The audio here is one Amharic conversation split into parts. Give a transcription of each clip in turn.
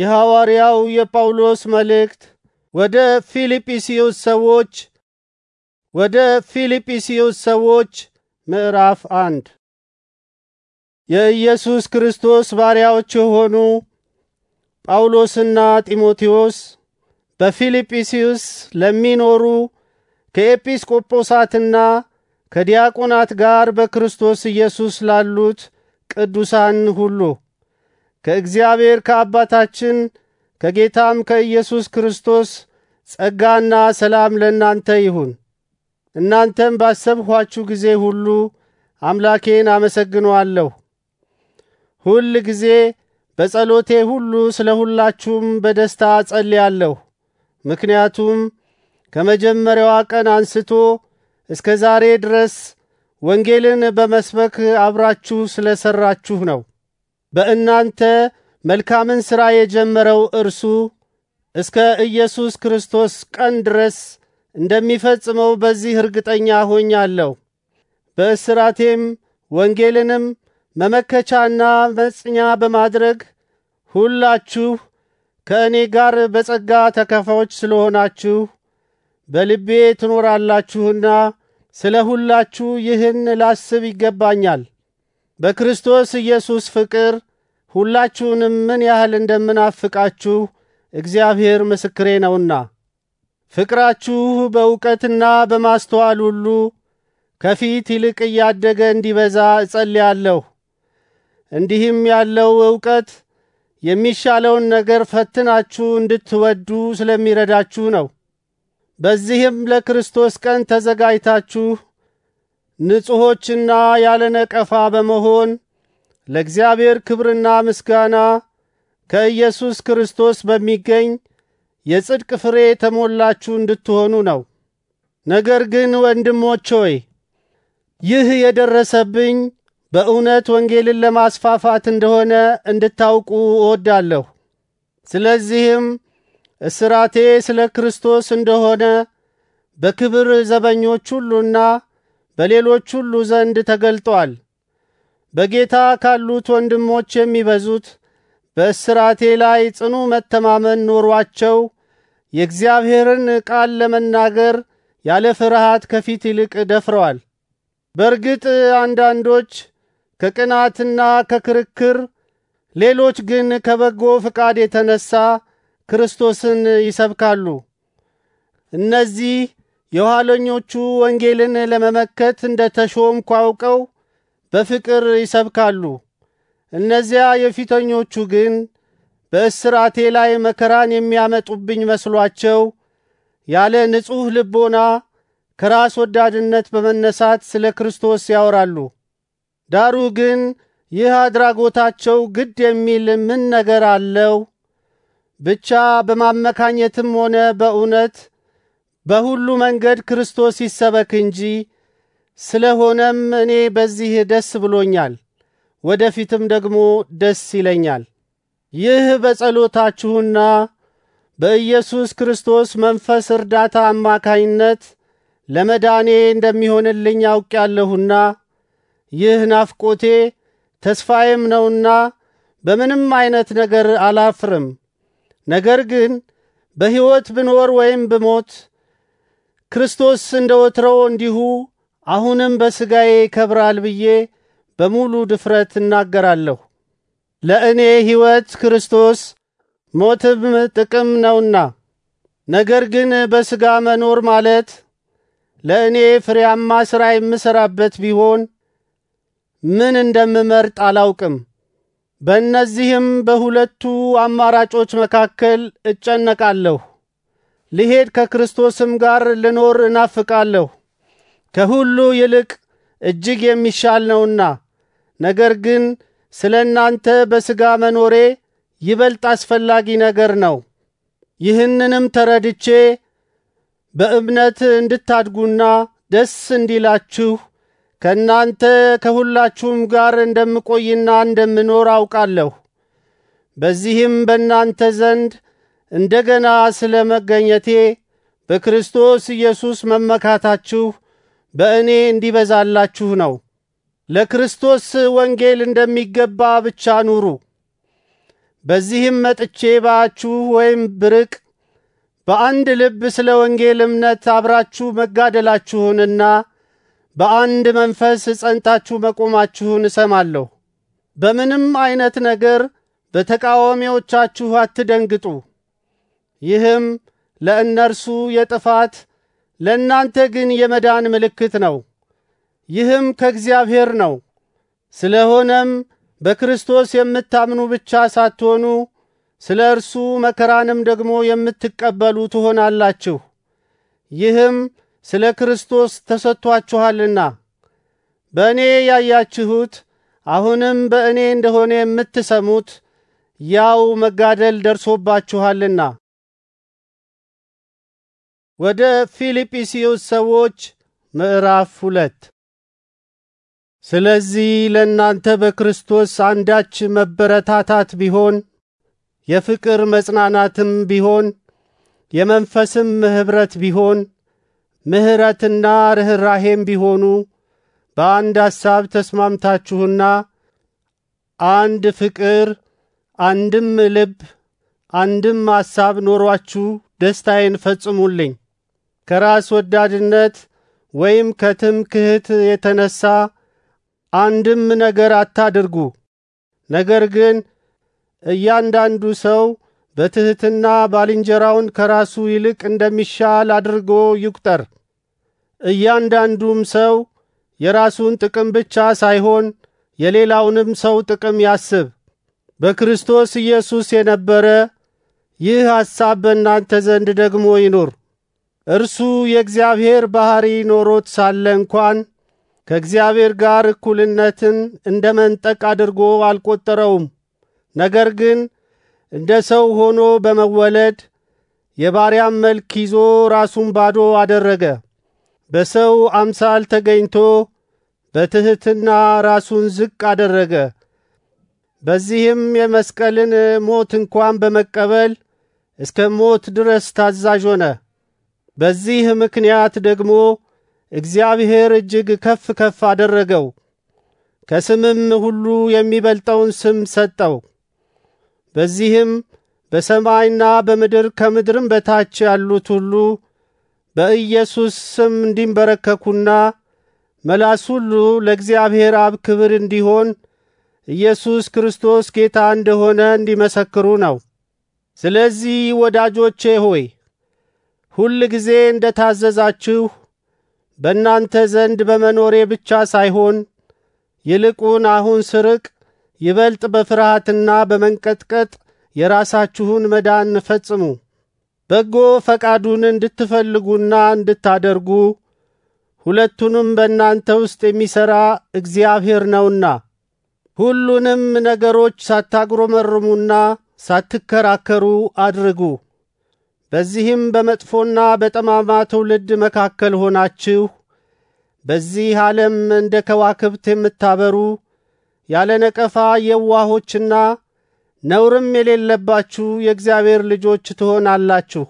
የሐዋርያው የጳውሎስ መልእክት ወደ ፊልጵስዩስ ሰዎች ወደ ፊልጵስዩስ ሰዎች ምዕራፍ አንድ የኢየሱስ ክርስቶስ ባሪያዎች የሆኑ ጳውሎስና ጢሞቴዎስ በፊልጵስዩስ ለሚኖሩ ከኤጲስቆጶሳትና ከዲያቆናት ጋር በክርስቶስ ኢየሱስ ላሉት ቅዱሳን ሁሉ ከእግዚአብሔር ከአባታችን ከጌታም ከኢየሱስ ክርስቶስ ጸጋና ሰላም ለእናንተ ይሁን። እናንተም ባሰብኋችሁ ጊዜ ሁሉ አምላኬን አመሰግነዋለሁ። ሁል ጊዜ በጸሎቴ ሁሉ ስለ ሁላችሁም በደስታ ጸልያለሁ። ምክንያቱም ከመጀመሪያዋ ቀን አንስቶ እስከ ዛሬ ድረስ ወንጌልን በመስበክ አብራችሁ ስለ ሰራችሁ ነው። በእናንተ መልካምን ሥራ የጀመረው እርሱ እስከ ኢየሱስ ክርስቶስ ቀን ድረስ እንደሚፈጽመው በዚህ እርግጠኛ ሆኛለሁ። በእስራቴም ወንጌልንም መመከቻና መጽኛ በማድረግ ሁላችሁ ከእኔ ጋር በጸጋ ተከፋዎች ስለሆናችሁ በልቤ ትኖራላችሁና ስለ ሁላችሁ ይህን ላስብ ይገባኛል። በክርስቶስ ኢየሱስ ፍቅር ሁላችሁንም ምን ያህል እንደምናፍቃችሁ እግዚአብሔር ምስክሬ ነውና፣ ፍቅራችሁ በእውቀትና በማስተዋል ሁሉ ከፊት ይልቅ እያደገ እንዲበዛ እጸልያለሁ። እንዲህም ያለው እውቀት የሚሻለውን ነገር ፈትናችሁ እንድትወዱ ስለሚረዳችሁ ነው። በዚህም ለክርስቶስ ቀን ተዘጋጅታችሁ ንጹሖችና ያለ ነቀፋ በመሆን ለእግዚአብሔር ክብርና ምስጋና ከኢየሱስ ክርስቶስ በሚገኝ የጽድቅ ፍሬ የተሞላችሁ እንድትሆኑ ነው። ነገር ግን ወንድሞች ሆይ ይህ የደረሰብኝ በእውነት ወንጌልን ለማስፋፋት እንደሆነ እንድታውቁ እወዳለሁ። ስለዚህም እስራቴ ስለ ክርስቶስ እንደሆነ በክብር ዘበኞች ሁሉና በሌሎች ሁሉ ዘንድ ተገልጧል። በጌታ ካሉት ወንድሞች የሚበዙት በእስራቴ ላይ ጽኑ መተማመን ኖሯቸው የእግዚአብሔርን ቃል ለመናገር ያለ ፍርሃት ከፊት ይልቅ ደፍረዋል። በእርግጥ አንዳንዶች ከቅናትና ከክርክር፣ ሌሎች ግን ከበጎ ፍቃድ የተነሳ ክርስቶስን ይሰብካሉ። እነዚህ የኋለኞቹ ወንጌልን ለመመከት እንደ ተሾምኩ አውቀው በፍቅር ይሰብካሉ። እነዚያ የፊተኞቹ ግን በእስራቴ ላይ መከራን የሚያመጡብኝ መስሏቸው ያለ ንጹሕ ልቦና ከራስ ወዳድነት በመነሳት ስለ ክርስቶስ ያወራሉ። ዳሩ ግን ይህ አድራጎታቸው ግድ የሚል ምን ነገር አለው? ብቻ በማመካኘትም ሆነ በእውነት በሁሉ መንገድ ክርስቶስ ይሰበክ እንጂ። ስለሆነም እኔ በዚህ ደስ ብሎኛል፣ ወደፊትም ደግሞ ደስ ይለኛል። ይህ በጸሎታችሁና በኢየሱስ ክርስቶስ መንፈስ እርዳታ አማካይነት ለመዳኔ እንደሚሆንልኝ አውቅያለሁና ይህ ናፍቆቴ ተስፋዬም ነውና በምንም አይነት ነገር አላፍርም። ነገር ግን በሕይወት ብኖር ወይም ብሞት ክርስቶስ እንደ ወትረው እንዲሁ አሁንም በሥጋዬ ይከብራል ብዬ በሙሉ ድፍረት እናገራለሁ። ለእኔ ሕይወት ክርስቶስ ሞትም ጥቅም ነውና። ነገር ግን በሥጋ መኖር ማለት ለእኔ ፍሬያማ ሥራ የምሠራበት ቢሆን ምን እንደምመርጥ አላውቅም። በእነዚህም በሁለቱ አማራጮች መካከል እጨነቃለሁ። ልሄድ ከክርስቶስም ጋር ልኖር እናፍቃለሁ። ከሁሉ ይልቅ እጅግ የሚሻል ነውና። ነገር ግን ስለ እናንተ በሥጋ መኖሬ ይበልጥ አስፈላጊ ነገር ነው። ይህንንም ተረድቼ በእምነት እንድታድጉና ደስ እንዲላችሁ ከእናንተ ከሁላችሁም ጋር እንደምቆይና እንደምኖር አውቃለሁ። በዚህም በእናንተ ዘንድ እንደገና ስለ መገኘቴ በክርስቶስ ኢየሱስ መመካታችሁ በእኔ እንዲበዛላችሁ ነው። ለክርስቶስ ወንጌል እንደሚገባ ብቻ ኑሩ። በዚህም መጥቼ ባችሁ ወይም ብርቅ በአንድ ልብ ስለ ወንጌል እምነት አብራችሁ መጋደላችሁንና በአንድ መንፈስ ጸንታችሁ መቆማችሁን እሰማለሁ። በምንም አይነት ነገር በተቃዋሚዎቻችሁ አትደንግጡ። ይህም ለእነርሱ የጥፋት ለእናንተ ግን የመዳን ምልክት ነው። ይህም ከእግዚአብሔር ነው። ስለሆነም በክርስቶስ የምታምኑ ብቻ ሳትሆኑ ስለ እርሱ መከራንም ደግሞ የምትቀበሉ ትሆናላችሁ። ይህም ስለ ክርስቶስ ተሰጥቷችኋልና በእኔ ያያችሁት አሁንም በእኔ እንደሆነ የምትሰሙት ያው መጋደል ደርሶባችኋልና ወደ ፊልጵስዩስ ሰዎች ምዕራፍ ሁለት ስለዚህ ለእናንተ በክርስቶስ አንዳች መበረታታት ቢሆን የፍቅር መጽናናትም ቢሆን የመንፈስም ምህብረት ቢሆን ምህረትና ርኅራሄም ቢሆኑ በአንድ ሐሳብ ተስማምታችሁና አንድ ፍቅር፣ አንድም ልብ፣ አንድም ሐሳብ ኖሯችሁ ደስታዬን ፈጽሙልኝ። ከራስ ወዳድነት ወይም ከትምክህት የተነሳ አንድም ነገር አታድርጉ። ነገር ግን እያንዳንዱ ሰው በትህትና ባልንጀራውን ከራሱ ይልቅ እንደሚሻል አድርጎ ይቁጠር። እያንዳንዱም ሰው የራሱን ጥቅም ብቻ ሳይሆን የሌላውንም ሰው ጥቅም ያስብ። በክርስቶስ ኢየሱስ የነበረ ይህ ሐሳብ በእናንተ ዘንድ ደግሞ ይኑር። እርሱ የእግዚአብሔር ባህሪ ኖሮት ሳለ እንኳን ከእግዚአብሔር ጋር እኩልነትን እንደ መንጠቅ አድርጎ አልቈጠረውም። ነገር ግን እንደ ሰው ሆኖ በመወለድ የባሪያም መልክ ይዞ ራሱን ባዶ አደረገ። በሰው አምሳል ተገኝቶ በትሕትና ራሱን ዝቅ አደረገ። በዚህም የመስቀልን ሞት እንኳን በመቀበል እስከ ሞት ድረስ ታዛዥ ሆነ። በዚህ ምክንያት ደግሞ እግዚአብሔር እጅግ ከፍ ከፍ አደረገው፣ ከስምም ሁሉ የሚበልጠውን ስም ሰጠው። በዚህም በሰማይና በምድር ከምድርም በታች ያሉት ሁሉ በኢየሱስ ስም እንዲንበረከኩና መላስ ሁሉ ለእግዚአብሔር አብ ክብር እንዲሆን ኢየሱስ ክርስቶስ ጌታ እንደሆነ እንዲመሰክሩ ነው። ስለዚህ ወዳጆቼ ሆይ ሁል ጊዜ እንደ ታዘዛችሁ በእናንተ ዘንድ በመኖሬ ብቻ ሳይሆን ይልቁን አሁን ስርቅ ይበልጥ በፍርሃትና በመንቀጥቀጥ የራሳችሁን መዳን ፈጽሙ። በጎ ፈቃዱን እንድትፈልጉና እንድታደርጉ ሁለቱንም በእናንተ ውስጥ የሚሠራ እግዚአብሔር ነውና ሁሉንም ነገሮች ሳታጉረመርሙና ሳትከራከሩ አድርጉ። በዚህም በመጥፎና በጠማማ ትውልድ መካከል ሆናችሁ በዚህ ዓለም እንደ ከዋክብት የምታበሩ ያለ ነቀፋ የዋሆችና ነውርም የሌለባችሁ የእግዚአብሔር ልጆች ትሆናላችሁ።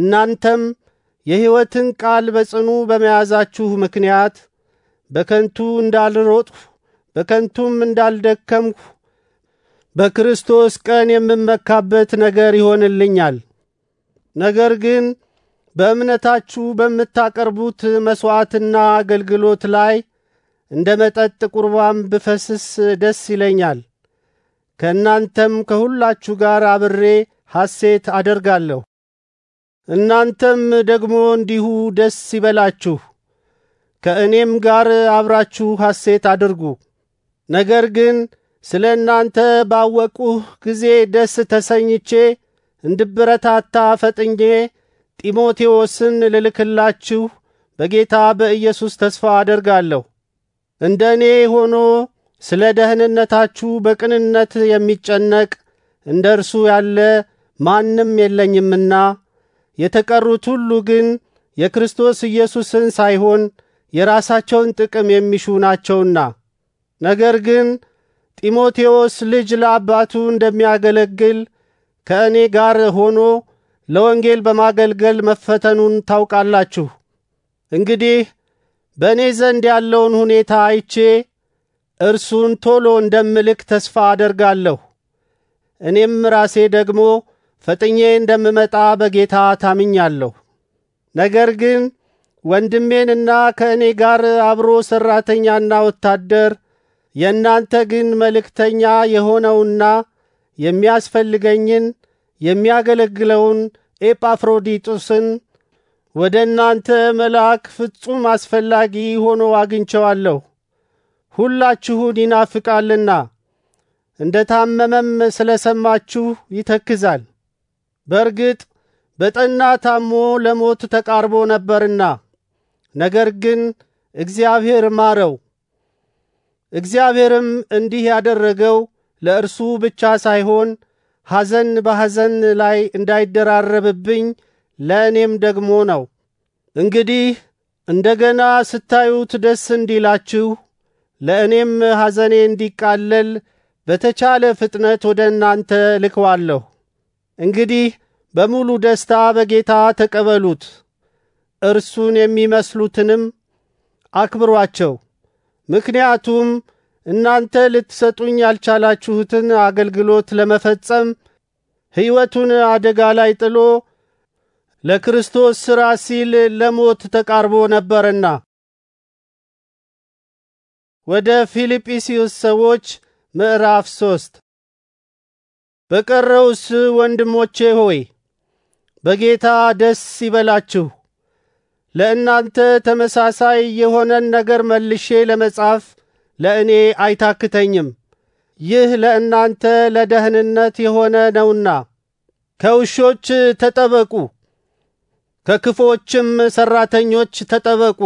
እናንተም የሕይወትን ቃል በጽኑ በመያዛችሁ ምክንያት በከንቱ እንዳልሮጥሁ በከንቱም እንዳልደከምሁ በክርስቶስ ቀን የምመካበት ነገር ይሆንልኛል። ነገር ግን በእምነታችሁ በምታቀርቡት መሥዋዕትና አገልግሎት ላይ እንደ መጠጥ ቁርባን ብፈስስ ደስ ይለኛል። ከእናንተም ከሁላችሁ ጋር አብሬ ሐሴት አደርጋለሁ። እናንተም ደግሞ እንዲሁ ደስ ይበላችሁ፣ ከእኔም ጋር አብራችሁ ሐሴት አድርጉ። ነገር ግን ስለ እናንተ ባወቁህ ጊዜ ደስ ተሰኝቼ እንድበረታታ ፈጥኜ ጢሞቴዎስን ልልክላችሁ በጌታ በኢየሱስ ተስፋ አደርጋለሁ። እንደ እኔ ሆኖ ስለ ደህንነታችሁ በቅንነት የሚጨነቅ እንደ እርሱ ያለ ማንም የለኝምና፣ የተቀሩት ሁሉ ግን የክርስቶስ ኢየሱስን ሳይሆን የራሳቸውን ጥቅም የሚሹ ናቸውና። ነገር ግን ጢሞቴዎስ ልጅ ለአባቱ እንደሚያገለግል ከእኔ ጋር ሆኖ ለወንጌል በማገልገል መፈተኑን ታውቃላችሁ። እንግዲህ በእኔ ዘንድ ያለውን ሁኔታ አይቼ እርሱን ቶሎ እንደምልክ ተስፋ አደርጋለሁ። እኔም ራሴ ደግሞ ፈጥኜ እንደምመጣ በጌታ ታምኛለሁ። ነገር ግን ወንድሜንና ከእኔ ጋር አብሮ ሠራተኛና ወታደር የእናንተ ግን መልእክተኛ የሆነውና የሚያስፈልገኝን የሚያገለግለውን ኤጳፍሮዲጡስን ወደ እናንተ መልአክ ፍጹም አስፈላጊ ሆኖ አግኝቸዋለሁ። ሁላችሁን ይናፍቃልና እንደ ታመመም ስለ ሰማችሁ ይተክዛል። በእርግጥ በጠና ታሞ ለሞት ተቃርቦ ነበርና፣ ነገር ግን እግዚአብሔር ማረው። እግዚአብሔርም እንዲህ ያደረገው ለእርሱ ብቻ ሳይሆን ሐዘን በሐዘን ላይ እንዳይደራረብብኝ ለእኔም ደግሞ ነው። እንግዲህ እንደገና ስታዩት ደስ እንዲላችሁ ለእኔም ሐዘኔ እንዲቃለል በተቻለ ፍጥነት ወደ እናንተ ልክዋለሁ። እንግዲህ በሙሉ ደስታ በጌታ ተቀበሉት። እርሱን የሚመስሉትንም አክብሯቸው። ምክንያቱም እናንተ ልትሰጡኝ ያልቻላችሁትን አገልግሎት ለመፈጸም ሕይወቱን አደጋ ላይ ጥሎ ለክርስቶስ ሥራ ሲል ለሞት ተቃርቦ ነበርና። ወደ ፊልጵስዩስ ሰዎች ምዕራፍ ሶስት በቀረውስ ወንድሞቼ ሆይ በጌታ ደስ ይበላችሁ። ለእናንተ ተመሳሳይ የሆነን ነገር መልሼ ለመጻፍ ለእኔ አይታክተኝም። ይህ ለእናንተ ለደህንነት የሆነ ነውና። ከውሾች ተጠበቁ፣ ከክፎችም ሰራተኞች ተጠበቁ፣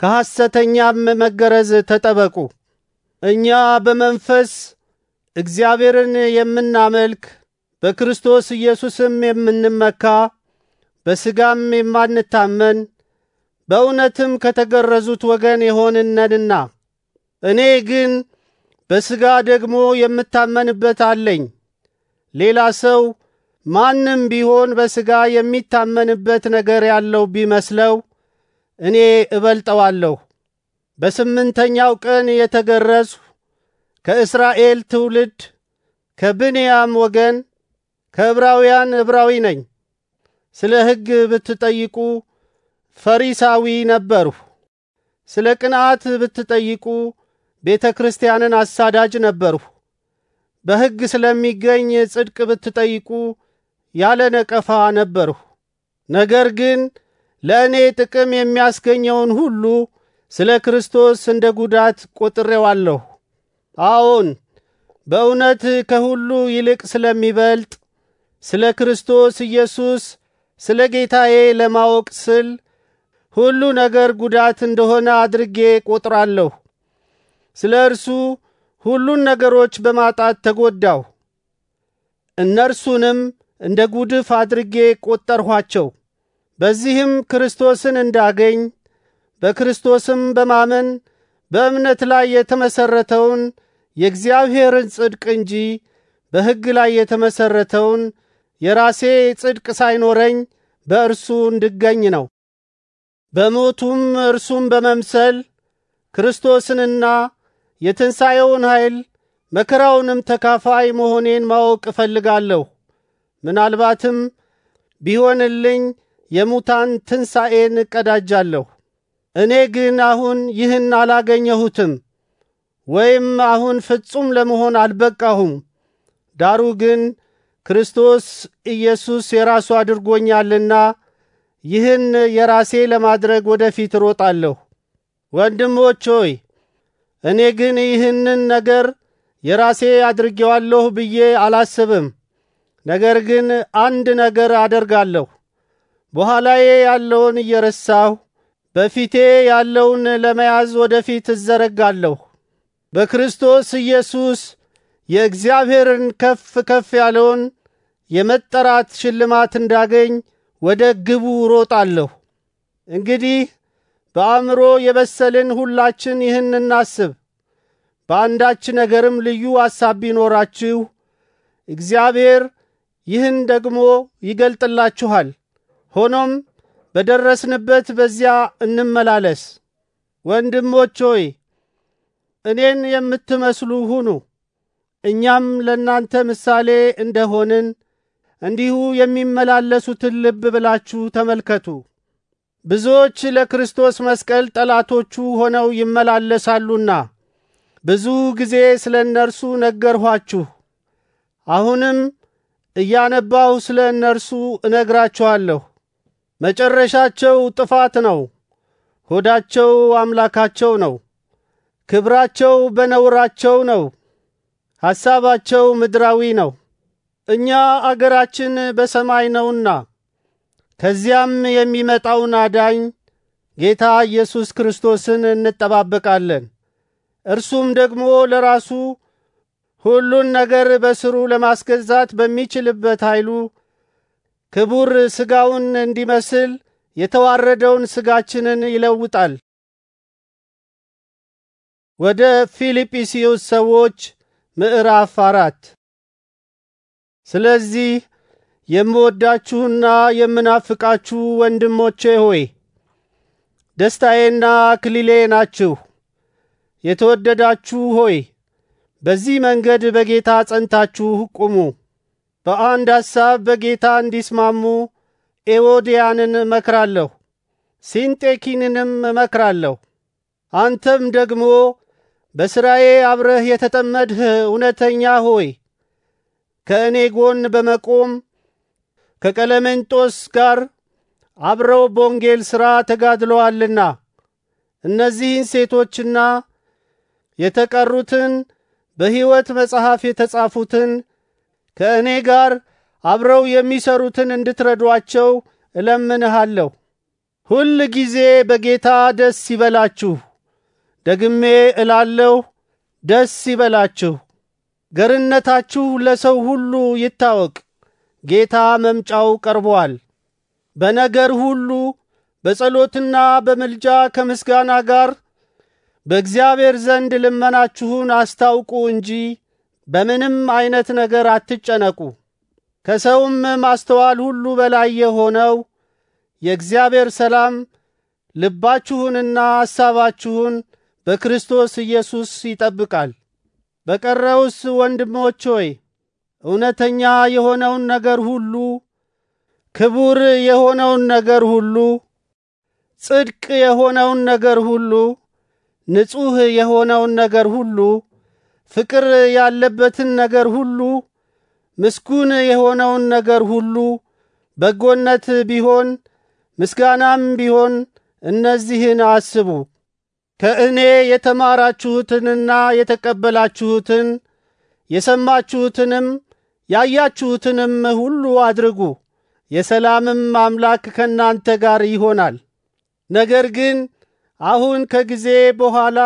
ከሐሰተኛም መገረዝ ተጠበቁ። እኛ በመንፈስ እግዚአብሔርን የምናመልክ በክርስቶስ ኢየሱስም የምንመካ በስጋም የማንታመን በእውነትም ከተገረዙት ወገን የሆንነንና እኔ ግን በስጋ ደግሞ የምታመንበት አለኝ። ሌላ ሰው ማንም ቢሆን በስጋ የሚታመንበት ነገር ያለው ቢመስለው እኔ እበልጠዋለሁ። በስምንተኛው ቀን የተገረዝሁ ከእስራኤል ትውልድ ከብንያም ወገን ከዕብራውያን ዕብራዊ ነኝ። ስለ ሕግ ብትጠይቁ ፈሪሳዊ ነበርሁ። ስለ ቅንዓት ብትጠይቁ ቤተ ክርስቲያንን አሳዳጅ ነበርሁ። በሕግ ስለሚገኝ ጽድቅ ብትጠይቁ ያለ ነቀፋ ነበርሁ። ነገር ግን ለእኔ ጥቅም የሚያስገኘውን ሁሉ ስለ ክርስቶስ እንደ ጉዳት ቆጥሬዋለሁ። አዎን በእውነት ከሁሉ ይልቅ ስለሚበልጥ ስለ ክርስቶስ ኢየሱስ ስለ ጌታዬ ለማወቅ ስል ሁሉ ነገር ጉዳት እንደሆነ አድርጌ ቆጥራለሁ። ስለ እርሱ ሁሉን ነገሮች በማጣት ተጎዳሁ። እነርሱንም እንደ ጉድፍ አድርጌ ቆጠርኋቸው። በዚህም ክርስቶስን እንዳገኝ በክርስቶስም በማመን በእምነት ላይ የተመሰረተውን የእግዚአብሔርን ጽድቅ እንጂ በሕግ ላይ የተመሰረተውን የራሴ ጽድቅ ሳይኖረኝ በእርሱ እንድገኝ ነው። በሞቱም እርሱም በመምሰል ክርስቶስንና የትንሣኤውን ኃይል መከራውንም ተካፋይ መሆኔን ማወቅ እፈልጋለሁ። ምናልባትም ቢሆንልኝ የሙታን ትንሣኤን እቀዳጃለሁ። እኔ ግን አሁን ይህን አላገኘሁትም፣ ወይም አሁን ፍጹም ለመሆን አልበቃሁም። ዳሩ ግን ክርስቶስ ኢየሱስ የራሱ አድርጎኛልና ይህን የራሴ ለማድረግ ወደፊት እሮጣለሁ። ወንድሞች ሆይ እኔ ግን ይህንን ነገር የራሴ አድርጌዋለሁ ብዬ አላስብም። ነገር ግን አንድ ነገር አደርጋለሁ። በኋላዬ ያለውን እየረሳሁ በፊቴ ያለውን ለመያዝ ወደፊት እዘረጋለሁ። በክርስቶስ ኢየሱስ የእግዚአብሔርን ከፍ ከፍ ያለውን የመጠራት ሽልማት እንዳገኝ ወደ ግቡ ሮጣለሁ። እንግዲህ በአእምሮ የበሰልን ሁላችን ይህን እናስብ። በአንዳች ነገርም ልዩ አሳብ ቢኖራችሁ እግዚአብሔር ይህን ደግሞ ይገልጥላችኋል። ሆኖም በደረስንበት በዚያ እንመላለስ። ወንድሞች ሆይ እኔን የምትመስሉ ሁኑ፣ እኛም ለእናንተ ምሳሌ እንደሆንን እንዲሁ የሚመላለሱትን ልብ ብላችሁ ተመልከቱ። ብዙዎች ለክርስቶስ መስቀል ጠላቶቹ ሆነው ይመላለሳሉና ብዙ ጊዜ ስለ እነርሱ ነገርኋችሁ። አሁንም እያነባሁ ስለ እነርሱ እነግራችኋለሁ። መጨረሻቸው ጥፋት ነው። ሆዳቸው አምላካቸው ነው። ክብራቸው በነውራቸው ነው። ሐሳባቸው ምድራዊ ነው። እኛ አገራችን በሰማይ ነውና ከዚያም የሚመጣውን አዳኝ ጌታ ኢየሱስ ክርስቶስን እንጠባበቃለን። እርሱም ደግሞ ለራሱ ሁሉን ነገር በስሩ ለማስገዛት በሚችልበት ኃይሉ ክቡር ሥጋውን እንዲመስል የተዋረደውን ሥጋችንን ይለውጣል። ወደ ፊልጵስዩስ ሰዎች ምዕራፍ አራት ስለዚህ የምወዳችሁና የምናፍቃችሁ ወንድሞቼ ሆይ ደስታዬና አክሊሌ ናችሁ። የተወደዳችሁ ሆይ በዚህ መንገድ በጌታ ጸንታችሁ ቁሙ። በአንድ ሐሳብ በጌታ እንዲስማሙ ኤዎድያንን እመክራለሁ፣ ሲንጤኪንንም እመክራለሁ። አንተም ደግሞ በስራዬ አብረህ የተጠመድህ እውነተኛ ሆይ ከእኔ ጎን በመቆም ከቀለመንጦስ ጋር አብረው በወንጌል ሥራ ተጋድለዋልና እነዚህን ሴቶችና የተቀሩትን በሕይወት መጽሐፍ የተጻፉትን ከእኔ ጋር አብረው የሚሰሩትን እንድትረዷቸው እለምንሃለሁ። ሁል ጊዜ በጌታ ደስ ይበላችሁ። ደግሜ እላለሁ ደስ ይበላችሁ። ገርነታችሁ ለሰው ሁሉ ይታወቅ። ጌታ መምጫው ቀርቧል። በነገር ሁሉ በጸሎትና በምልጃ ከምስጋና ጋር በእግዚአብሔር ዘንድ ልመናችሁን አስታውቁ እንጂ በምንም አይነት ነገር አትጨነቁ። ከሰውም ማስተዋል ሁሉ በላይ የሆነው የእግዚአብሔር ሰላም ልባችሁንና አሳባችሁን በክርስቶስ ኢየሱስ ይጠብቃል። በቀረውስ ወንድሞች ሆይ እውነተኛ የሆነውን ነገር ሁሉ፣ ክቡር የሆነውን ነገር ሁሉ፣ ጽድቅ የሆነውን ነገር ሁሉ፣ ንጹሕ የሆነውን ነገር ሁሉ፣ ፍቅር ያለበትን ነገር ሁሉ፣ ምስጉን የሆነውን ነገር ሁሉ፣ በጎነት ቢሆን ምስጋናም ቢሆን እነዚህን አስቡ። ከእኔ የተማራችሁትንና የተቀበላችሁትን የሰማችሁትንም ያያችሁትንም ሁሉ አድርጉ፣ የሰላምም አምላክ ከእናንተ ጋር ይሆናል። ነገር ግን አሁን ከጊዜ በኋላ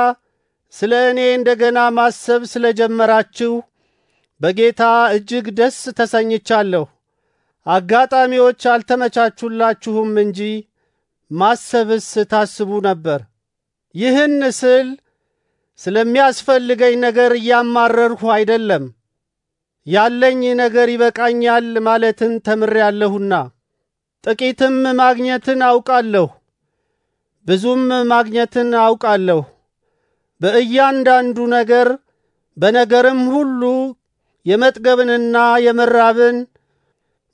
ስለ እኔ እንደገና ማሰብ ስለ ጀመራችሁ በጌታ እጅግ ደስ ተሰኝቻለሁ። አጋጣሚዎች አልተመቻቹላችሁም እንጂ ማሰብስ ታስቡ ነበር። ይህን ስል ስለሚያስፈልገኝ ነገር እያማረርሁ አይደለም። ያለኝ ነገር ይበቃኛል ማለትን ያለሁና ጥቂትም ማግኘትን አውቃለሁ፣ ብዙም ማግኘትን አውቃለሁ። በእያንዳንዱ ነገር በነገርም ሁሉ የመጥገብንና የመራብን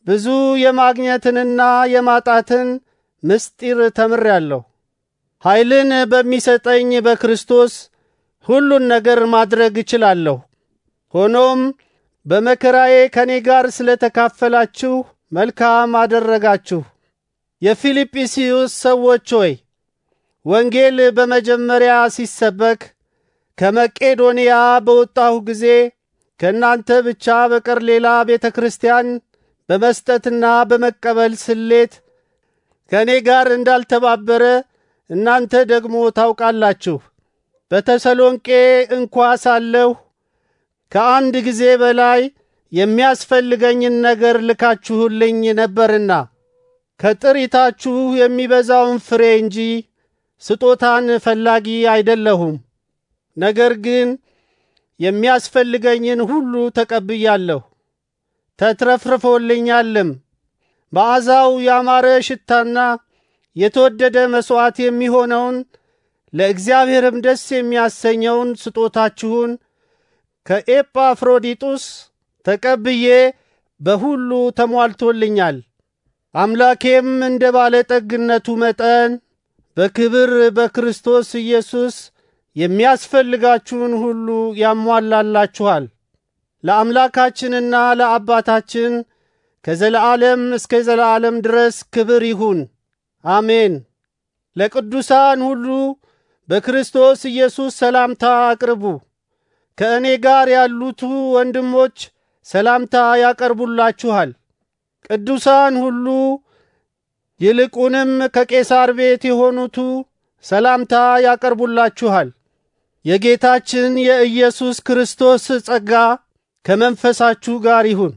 ብዙ የማግኘትንና የማጣትን ምስጢር ያለሁ ኃይልን በሚሰጠኝ በክርስቶስ ሁሉን ነገር ማድረግ እችላለሁ። ሆኖም በመከራዬ ከኔ ጋር ስለተካፈላችሁ መልካም አደረጋችሁ። የፊልጵስዩስ ሰዎች ሆይ ወንጌል በመጀመሪያ ሲሰበክ ከመቄዶንያ በወጣሁ ጊዜ ከእናንተ ብቻ በቀር ሌላ ቤተ ክርስቲያን በመስጠትና በመቀበል ስሌት ከእኔ ጋር እንዳልተባበረ እናንተ ደግሞ ታውቃላችሁ። በተሰሎንቄ እንኳ ሳለሁ ከአንድ ጊዜ በላይ የሚያስፈልገኝን ነገር ልካችሁልኝ ነበርና ከጥሪታችሁ የሚበዛውን ፍሬ እንጂ ስጦታን ፈላጊ አይደለሁም። ነገር ግን የሚያስፈልገኝን ሁሉ ተቀብያለሁ፣ ተትረፍርፎልኛልም። በአዛው ያማረ ሽታና የተወደደ መሥዋዕት የሚሆነውን ለእግዚአብሔርም ደስ የሚያሰኘውን ስጦታችሁን ከኤጳፍሮዲጡስ ተቀብዬ በሁሉ ተሟልቶልኛል። አምላኬም እንደ ባለጠግነቱ መጠን በክብር በክርስቶስ ኢየሱስ የሚያስፈልጋችሁን ሁሉ ያሟላላችኋል። ለአምላካችንና ለአባታችን ከዘለዓለም እስከ ዘለዓለም ድረስ ክብር ይሁን፣ አሜን። ለቅዱሳን ሁሉ በክርስቶስ ኢየሱስ ሰላምታ አቅርቡ። ከእኔ ጋር ያሉቱ ወንድሞች ሰላምታ ያቀርቡላችኋል። ቅዱሳን ሁሉ ይልቁንም ከቄሳር ቤት የሆኑቱ ሰላምታ ያቀርቡላችኋል። የጌታችን የኢየሱስ ክርስቶስ ጸጋ ከመንፈሳችሁ ጋር ይሁን።